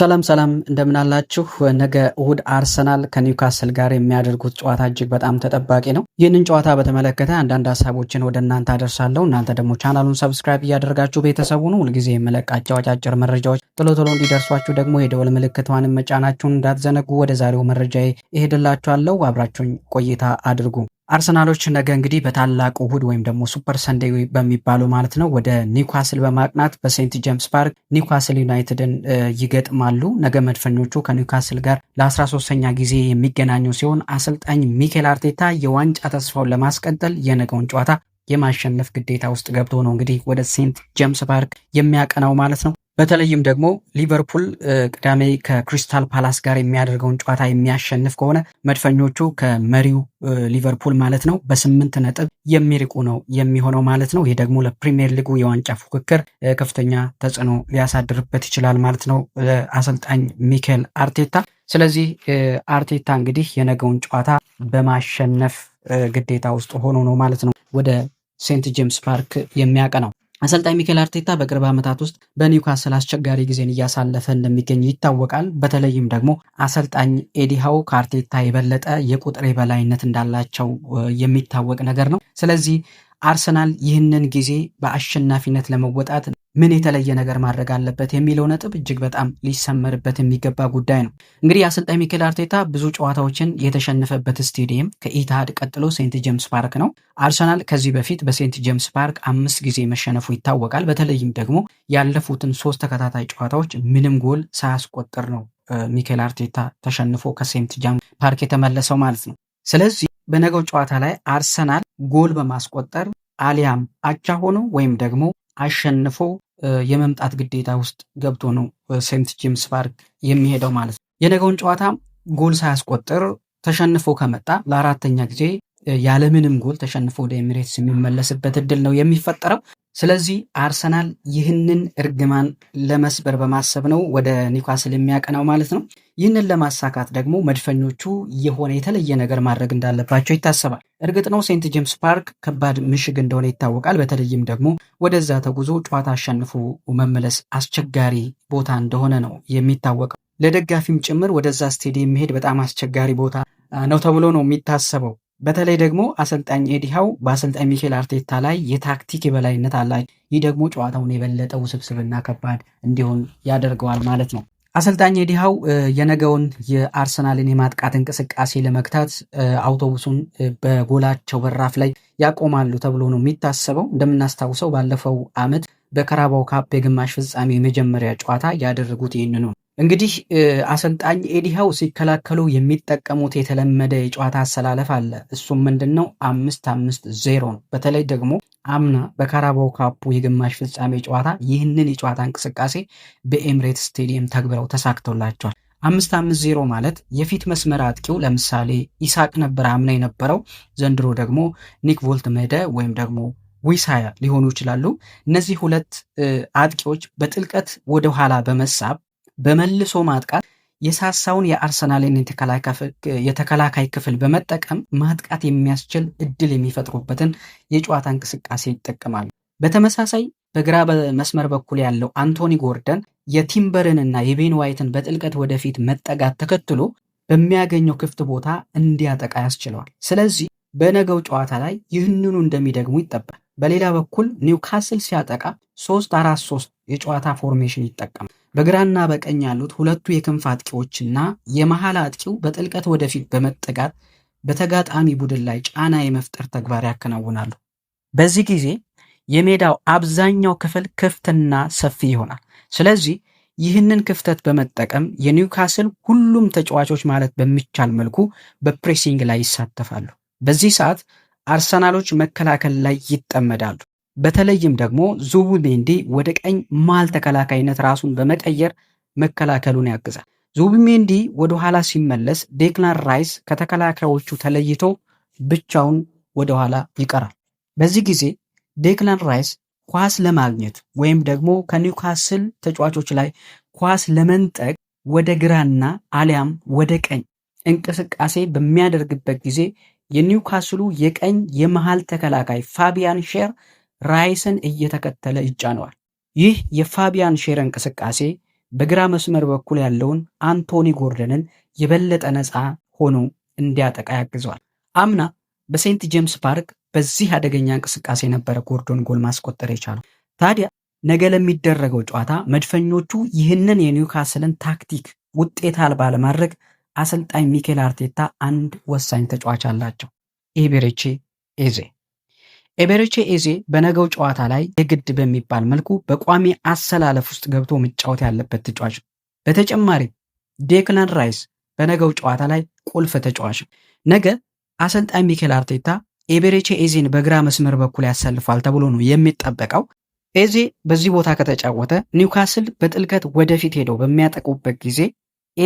ሰላም ሰላም እንደምናላችሁ ነገ እሁድ አርሰናል ከኒውካስል ጋር የሚያደርጉት ጨዋታ እጅግ በጣም ተጠባቂ ነው። ይህንን ጨዋታ በተመለከተ አንዳንድ ሀሳቦችን ወደ እናንተ አደርሳለሁ። እናንተ ደግሞ ቻናሉን ሰብስክራይብ እያደረጋችሁ ቤተሰቡን ሁልጊዜ የመለቃቸው አጫጭር መረጃዎች ቶሎ ቶሎ እንዲደርሷችሁ ደግሞ የደወል ምልክቷንም መጫናችሁን እንዳትዘነጉ። ወደ ዛሬው መረጃ ይሄድላችኋለሁ። አብራችሁኝ ቆይታ አድርጉ። አርሰናሎች ነገ እንግዲህ በታላቁ እሁድ ወይም ደግሞ ሱፐር ሰንዴ በሚባለው ማለት ነው ወደ ኒውካስል በማቅናት በሴንት ጄምስ ፓርክ ኒውካስል ዩናይትድን ይገጥማሉ። ነገ መድፈኞቹ ከኒውካስል ጋር ለ13ኛ ጊዜ የሚገናኙ ሲሆን አሰልጣኝ ሚኬል አርቴታ የዋንጫ ተስፋውን ለማስቀጠል የነገውን ጨዋታ የማሸነፍ ግዴታ ውስጥ ገብቶ ነው እንግዲህ ወደ ሴንት ጄምስ ፓርክ የሚያቀናው ማለት ነው። በተለይም ደግሞ ሊቨርፑል ቅዳሜ ከክሪስታል ፓላስ ጋር የሚያደርገውን ጨዋታ የሚያሸንፍ ከሆነ መድፈኞቹ ከመሪው ሊቨርፑል ማለት ነው በስምንት ነጥብ የሚርቁ ነው የሚሆነው ማለት ነው። ይህ ደግሞ ለፕሪሚየር ሊጉ የዋንጫ ፉክክር ከፍተኛ ተጽዕኖ ሊያሳድርበት ይችላል ማለት ነው አሰልጣኝ ሚካኤል አርቴታ። ስለዚህ አርቴታ እንግዲህ የነገውን ጨዋታ በማሸነፍ ግዴታ ውስጥ ሆኖ ነው ማለት ነው ወደ ሴንት ጄምስ ፓርክ ነው። አሰልጣኝ ሚኬል አርቴታ በቅርብ ዓመታት ውስጥ በኒውካስል አስቸጋሪ ጊዜን እያሳለፈ እንደሚገኝ ይታወቃል። በተለይም ደግሞ አሰልጣኝ ኤዲሃው ከአርቴታ የበለጠ የቁጥር የበላይነት እንዳላቸው የሚታወቅ ነገር ነው። ስለዚህ አርሰናል ይህንን ጊዜ በአሸናፊነት ለመወጣት ምን የተለየ ነገር ማድረግ አለበት የሚለው ነጥብ እጅግ በጣም ሊሰመርበት የሚገባ ጉዳይ ነው። እንግዲህ አሰልጣኝ ሚኬል አርቴታ ብዙ ጨዋታዎችን የተሸነፈበት ስቴዲየም ከኢትሃድ ቀጥሎ ሴንት ጄምስ ፓርክ ነው። አርሰናል ከዚህ በፊት በሴንት ጄምስ ፓርክ አምስት ጊዜ መሸነፉ ይታወቃል። በተለይም ደግሞ ያለፉትን ሶስት ተከታታይ ጨዋታዎች ምንም ጎል ሳያስቆጥር ነው ሚኬል አርቴታ ተሸንፎ ከሴንት ጄምስ ፓርክ የተመለሰው ማለት ነው። ስለዚህ በነገው ጨዋታ ላይ አርሰናል ጎል በማስቆጠር አሊያም አቻ ሆኖ ወይም ደግሞ አሸንፎ የመምጣት ግዴታ ውስጥ ገብቶ ነው ሴንት ጄምስ ፓርክ የሚሄደው ማለት ነው። የነገውን ጨዋታ ጎል ሳያስቆጥር ተሸንፎ ከመጣ ለአራተኛ ጊዜ ያለምንም ጎል ተሸንፎ ወደ ኤሚሬትስ የሚመለስበት እድል ነው የሚፈጠረው። ስለዚህ አርሰናል ይህንን እርግማን ለመስበር በማሰብ ነው ወደ ኒውካስል የሚያቀናው ማለት ነው። ይህንን ለማሳካት ደግሞ መድፈኞቹ የሆነ የተለየ ነገር ማድረግ እንዳለባቸው ይታሰባል። እርግጥ ነው ሴንት ጄምስ ፓርክ ከባድ ምሽግ እንደሆነ ይታወቃል። በተለይም ደግሞ ወደዛ ተጉዞ ጨዋታ አሸንፎ መመለስ አስቸጋሪ ቦታ እንደሆነ ነው የሚታወቀው። ለደጋፊም ጭምር ወደዛ ስቴዲየም መሄድ በጣም አስቸጋሪ ቦታ ነው ተብሎ ነው የሚታሰበው። በተለይ ደግሞ አሰልጣኝ ኤዲሃው በአሰልጣኝ ሚኬል አርቴታ ላይ የታክቲክ የበላይነት አላቸው። ይህ ደግሞ ጨዋታውን የበለጠ ውስብስብና ከባድ እንዲሆን ያደርገዋል ማለት ነው። አሰልጣኝ ኤዲሃው የነገውን የአርሰናልን የማጥቃት እንቅስቃሴ ለመግታት አውቶቡሱን በጎላቸው በራፍ ላይ ያቆማሉ ተብሎ ነው የሚታሰበው። እንደምናስታውሰው ባለፈው ዓመት በከራባው ካፕ የግማሽ ፍጻሜ የመጀመሪያ ጨዋታ ያደረጉት ይህንኑ ነው። እንግዲህ አሰልጣኝ ኤዲሃው ሲከላከሉ የሚጠቀሙት የተለመደ የጨዋታ አሰላለፍ አለ። እሱም ምንድን ነው? አምስት አምስት ዜሮ ነው። በተለይ ደግሞ አምና በካራባው ካፑ የግማሽ ፍጻሜ ጨዋታ ይህንን የጨዋታ እንቅስቃሴ በኤምሬት ስቴዲየም ተግብረው ተሳክቶላቸዋል። አምስት አምስት ዜሮ ማለት የፊት መስመር አጥቂው ለምሳሌ ኢሳቅ ነበር አምና የነበረው፣ ዘንድሮ ደግሞ ኒክ ቮልት መደ ወይም ደግሞ ዊሳያ ሊሆኑ ይችላሉ። እነዚህ ሁለት አጥቂዎች በጥልቀት ወደ ኋላ በመሳብ በመልሶ ማጥቃት የሳሳውን የአርሰናልን የተከላካይ ክፍል በመጠቀም ማጥቃት የሚያስችል እድል የሚፈጥሩበትን የጨዋታ እንቅስቃሴ ይጠቀማሉ። በተመሳሳይ በግራ በመስመር በኩል ያለው አንቶኒ ጎርደን የቲምበርን እና የቤን ዋይትን በጥልቀት ወደፊት መጠጋት ተከትሎ በሚያገኘው ክፍት ቦታ እንዲያጠቃ ያስችለዋል። ስለዚህ በነገው ጨዋታ ላይ ይህንኑ እንደሚደግሙ ይጠበቃል። በሌላ በኩል ኒውካስል ሲያጠቃ ሶስት አራት ሶስት የጨዋታ ፎርሜሽን ይጠቀማል። በግራና በቀኝ ያሉት ሁለቱ የክንፍ አጥቂዎችና የመሃል አጥቂው በጥልቀት ወደፊት በመጠጋት በተጋጣሚ ቡድን ላይ ጫና የመፍጠር ተግባር ያከናውናሉ። በዚህ ጊዜ የሜዳው አብዛኛው ክፍል ክፍትና ሰፊ ይሆናል። ስለዚህ ይህንን ክፍተት በመጠቀም የኒውካስል ሁሉም ተጫዋቾች ማለት በሚቻል መልኩ በፕሬሲንግ ላይ ይሳተፋሉ። በዚህ ሰዓት አርሰናሎች መከላከል ላይ ይጠመዳሉ። በተለይም ደግሞ ዙቡ ሜንዲ ወደ ቀኝ መሃል ተከላካይነት ራሱን በመቀየር መከላከሉን ያግዛል። ዙቡ ሜንዲ ወደ ኋላ ሲመለስ ዴክላን ራይስ ከተከላካዮቹ ተለይቶ ብቻውን ወደ ኋላ ይቀራል። በዚህ ጊዜ ዴክላን ራይስ ኳስ ለማግኘት ወይም ደግሞ ከኒውካስል ተጫዋቾች ላይ ኳስ ለመንጠቅ ወደ ግራና አሊያም ወደ ቀኝ እንቅስቃሴ በሚያደርግበት ጊዜ የኒውካስሉ የቀኝ የመሃል ተከላካይ ፋቢያን ሼር ራይስን እየተከተለ ይጫነዋል። ይህ የፋቢያን ሼር እንቅስቃሴ በግራ መስመር በኩል ያለውን አንቶኒ ጎርደንን የበለጠ ነፃ ሆኖ እንዲያጠቃ ያግዘዋል። አምና በሴንት ጄምስ ፓርክ በዚህ አደገኛ እንቅስቃሴ ነበረ ጎርዶን ጎል ማስቆጠር የቻለው። ታዲያ ነገ ለሚደረገው ጨዋታ መድፈኞቹ ይህንን የኒውካስልን ታክቲክ ውጤት አልባ ለማድረግ አሰልጣኝ ሚኬል አርቴታ አንድ ወሳኝ ተጫዋች አላቸው፣ ኤቤሬቼ ኤዜ። ኤቤሬቼ ኤዜ በነገው ጨዋታ ላይ የግድ በሚባል መልኩ በቋሚ አሰላለፍ ውስጥ ገብቶ መጫወት ያለበት ተጫዋች ነው። በተጨማሪም ዴክላን ራይስ በነገው ጨዋታ ላይ ቁልፍ ተጫዋች ነው። ነገ አሰልጣኝ ሚኬል አርቴታ ኤቤሬቼ ኤዜን በግራ መስመር በኩል ያሰልፋል ተብሎ ነው የሚጠበቀው። ኤዜ በዚህ ቦታ ከተጫወተ ኒውካስል በጥልቀት ወደፊት ሄደው በሚያጠቁበት ጊዜ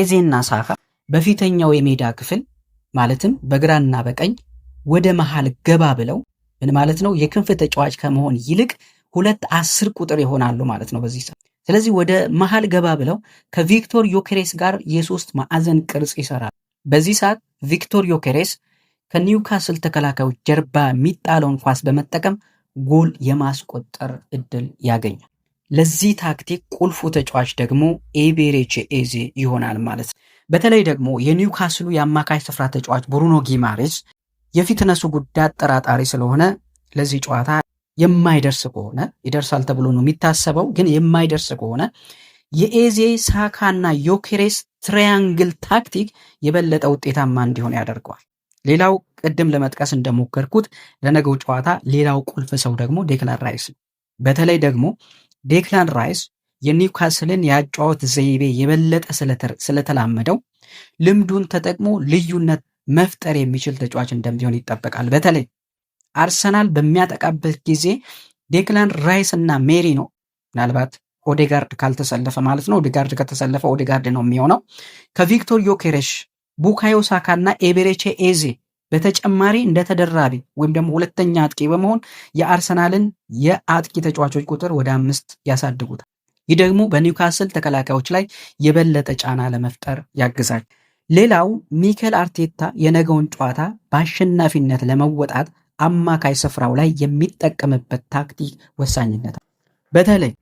ኤዜና ሳካ በፊተኛው የሜዳ ክፍል ማለትም በግራና በቀኝ ወደ መሃል ገባ ብለው ምን ማለት ነው? የክንፍ ተጫዋች ከመሆን ይልቅ ሁለት አስር ቁጥር ይሆናሉ ማለት ነው በዚህ ስለዚህ ወደ መሃል ገባ ብለው ከቪክቶር ዮኬሬስ ጋር የሶስት ማዕዘን ቅርጽ ይሰራል። በዚህ ሰዓት ቪክቶር ዮኬሬስ ከኒውካስል ተከላካዮች ጀርባ የሚጣለውን ኳስ በመጠቀም ጎል የማስቆጠር እድል ያገኛል። ለዚህ ታክቲክ ቁልፉ ተጫዋች ደግሞ ኤቤሬቺ ኤዜ ይሆናል ማለት ነው። በተለይ ደግሞ የኒውካስሉ የአማካይ ስፍራ ተጫዋች ብሩኖ ጊማሬስ የፊትነሱ ጉዳት አጠራጣሪ ስለሆነ ለዚህ ጨዋታ የማይደርስ ከሆነ ይደርሳል ተብሎ ነው የሚታሰበው፣ ግን የማይደርስ ከሆነ የኤዜ ሳካ እና ዮኬሬስ ትራያንግል ታክቲክ የበለጠ ውጤታማ እንዲሆን ያደርገዋል። ሌላው ቅድም ለመጥቀስ እንደሞከርኩት ለነገው ጨዋታ ሌላው ቁልፍ ሰው ደግሞ ዴክላን ራይስ ነው። በተለይ ደግሞ ዴክላን ራይስ የኒውካስልን የአጫወት ዘይቤ የበለጠ ስለተላመደው ልምዱን ተጠቅሞ ልዩነት መፍጠር የሚችል ተጫዋች እንደሚሆን ይጠበቃል። በተለይ አርሰናል በሚያጠቃበት ጊዜ ዴክላን ራይስ እና ሜሪ ነው ምናልባት ኦዴጋርድ ካልተሰለፈ ማለት ነው። ኦዴጋርድ ከተሰለፈ ኦዴጋርድ ነው የሚሆነው። ከቪክቶር ዮኬሬሽ፣ ቡካዮ ሳካ እና ኤቤሬቼ ኤዜ በተጨማሪ እንደ ተደራቢ ወይም ደግሞ ሁለተኛ አጥቂ በመሆን የአርሰናልን የአጥቂ ተጫዋቾች ቁጥር ወደ አምስት ያሳድጉታል። ይህ ደግሞ በኒውካስል ተከላካዮች ላይ የበለጠ ጫና ለመፍጠር ያግዛል። ሌላው ሚኬል አርቴታ የነገውን ጨዋታ በአሸናፊነት ለመወጣት አማካይ ስፍራው ላይ የሚጠቀምበት ታክቲክ ወሳኝነት በተለይ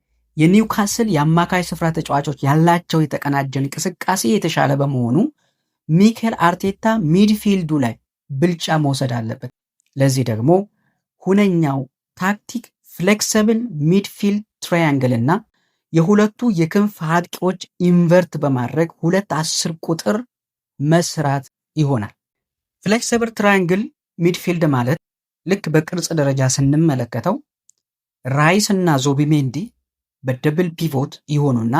የኒውካስል የአማካይ ስፍራ ተጫዋቾች ያላቸው የተቀናጀ እንቅስቃሴ የተሻለ በመሆኑ ሚኬል አርቴታ ሚድፊልዱ ላይ ብልጫ መውሰድ አለበት። ለዚህ ደግሞ ሁነኛው ታክቲክ ፍሌክሰብል ሚድፊልድ ትራያንግል እና የሁለቱ የክንፍ አጥቂዎች ኢንቨርት በማድረግ ሁለት አስር ቁጥር መስራት ይሆናል። ፍሌክሲብል ትራያንግል ሚድፊልድ ማለት ልክ በቅርጽ ደረጃ ስንመለከተው ራይስ እና ዙቢሜንዲ በደብል ፒቮት ይሆኑና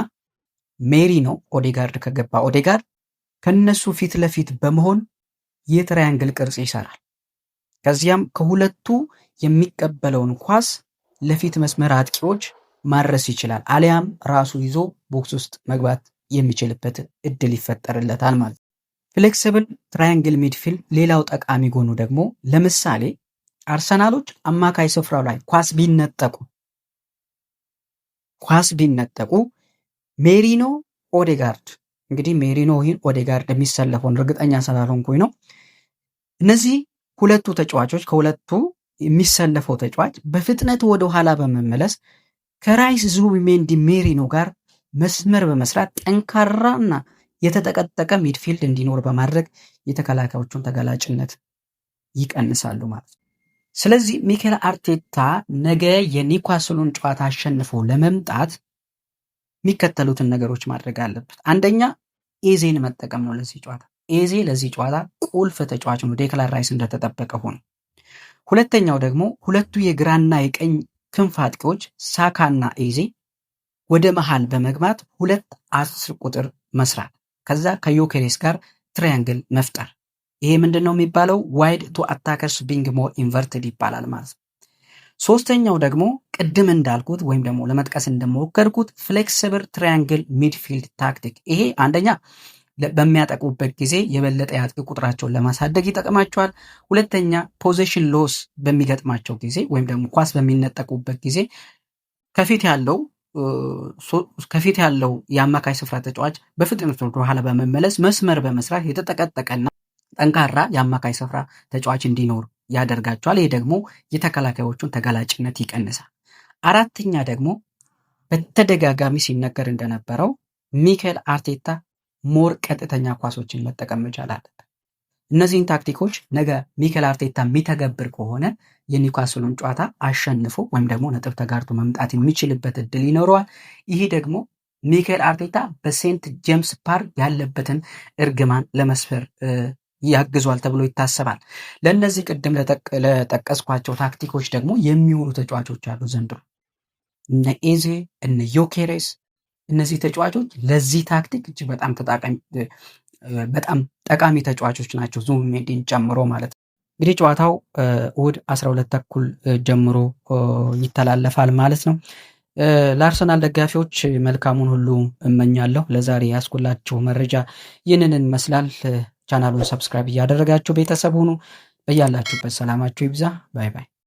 ሜሪ ነው ኦዴጋርድ ከገባ ኦዴጋርድ ከነሱ ፊት ለፊት በመሆን የትራያንግል ቅርጽ ይሰራል። ከዚያም ከሁለቱ የሚቀበለውን ኳስ ለፊት መስመር አጥቂዎች ማድረስ ይችላል። አሊያም ራሱ ይዞ ቦክስ ውስጥ መግባት የሚችልበት እድል ይፈጠርለታል ማለት ነው። ፍሌክስብል ትራያንግል ሚድፊልድ ሌላው ጠቃሚ ጎኑ ደግሞ ለምሳሌ አርሰናሎች አማካይ ስፍራው ላይ ኳስ ቢነጠቁ ኳስ ቢነጠቁ ሜሪኖ ኦዴጋርድ እንግዲህ ሜሪኖ ይህን ኦዴጋርድ የሚሰለፈውን እርግጠኛ ስላልሆንኩኝ ነው። እነዚህ ሁለቱ ተጫዋቾች ከሁለቱ የሚሰለፈው ተጫዋች በፍጥነት ወደ ኋላ በመመለስ ከራይስ ዙቢሜንዲ ሜሪኖ ጋር መስመር በመስራት ጠንካራና የተጠቀጠቀ ሚድፊልድ እንዲኖር በማድረግ የተከላካዮቹን ተጋላጭነት ይቀንሳሉ ማለት ነው። ስለዚህ ሚኬል አርቴታ ነገ የኒኳስሉን ጨዋታ አሸንፎ ለመምጣት የሚከተሉትን ነገሮች ማድረግ አለበት። አንደኛ ኤዜን መጠቀም ነው። ለዚህ ጨዋታ ኤዜ ለዚህ ጨዋታ ቁልፍ ተጫዋች ነው። ዴክላን ራይስ እንደተጠበቀ ሆኖ፣ ሁለተኛው ደግሞ ሁለቱ የግራና የቀኝ ክንፍ አጥቂዎች ሳካና እና ወደ መሃል በመግባት ሁለት አስር ቁጥር መስራት ከዛ ከዮኬሬስ ጋር ትሪያንግል መፍጠር። ይሄ ምንድን ነው የሚባለው? ዋይድ ቱ አታከርስ ቢንግ ሞር ኢንቨርትድ ይባላል ማለት ነው። ሶስተኛው ደግሞ ቅድም እንዳልኩት ወይም ደግሞ ለመጥቀስ እንደሞከርኩት ፍሌክስብል ትሪያንግል ሚድፊልድ ታክቲክ። ይሄ አንደኛ በሚያጠቁበት ጊዜ የበለጠ የአጥቂ ቁጥራቸውን ለማሳደግ ይጠቅማቸዋል። ሁለተኛ ፖዚሽን ሎስ በሚገጥማቸው ጊዜ ወይም ደግሞ ኳስ በሚነጠቁበት ጊዜ ከፊት ያለው ከፊት ያለው የአማካይ ስፍራ ተጫዋች በፍጥነት ወደኋላ በመመለስ መስመር በመስራት የተጠቀጠቀና ጠንካራ የአማካይ ስፍራ ተጫዋች እንዲኖር ያደርጋቸዋል። ይህ ደግሞ የተከላካዮቹን ተጋላጭነት ይቀንሳል። አራተኛ ደግሞ በተደጋጋሚ ሲነገር እንደነበረው ሚካኤል አርቴታ ሞር ቀጥተኛ ኳሶችን መጠቀም መቻል አለበት። እነዚህን ታክቲኮች ነገ ሚኬል አርቴታ የሚተገብር ከሆነ የኒውካስሉን ጨዋታ አሸንፎ ወይም ደግሞ ነጥብ ተጋርቶ መምጣት የሚችልበት እድል ይኖረዋል። ይህ ደግሞ ሚኬል አርቴታ በሴንት ጄምስ ፓርክ ያለበትን እርግማን ለመስፈር ያግዟል ተብሎ ይታሰባል። ለእነዚህ ቅድም ለጠቀስኳቸው ታክቲኮች ደግሞ የሚሆኑ ተጫዋቾች አሉ ዘንድሮ እነ ኤዜ እነ ዮኬሬስ እነዚህ ተጫዋቾች ለዚህ ታክቲክ እጅግ በጣም በጣም ጠቃሚ ተጫዋቾች ናቸው፣ ዙቢሜንዲን ጨምሮ ማለት ነው። እንግዲህ ጨዋታው እሑድ 12 ተኩል ጀምሮ ይተላለፋል ማለት ነው። ለአርሰናል ደጋፊዎች መልካሙን ሁሉ እመኛለሁ። ለዛሬ ያስኩላችሁ መረጃ ይህንን ይመስላል። ቻናሉን ሰብስክራይብ እያደረጋችሁ ቤተሰብ ሁኑ። በያላችሁበት ሰላማችሁ ይብዛ። ባይ ባይ።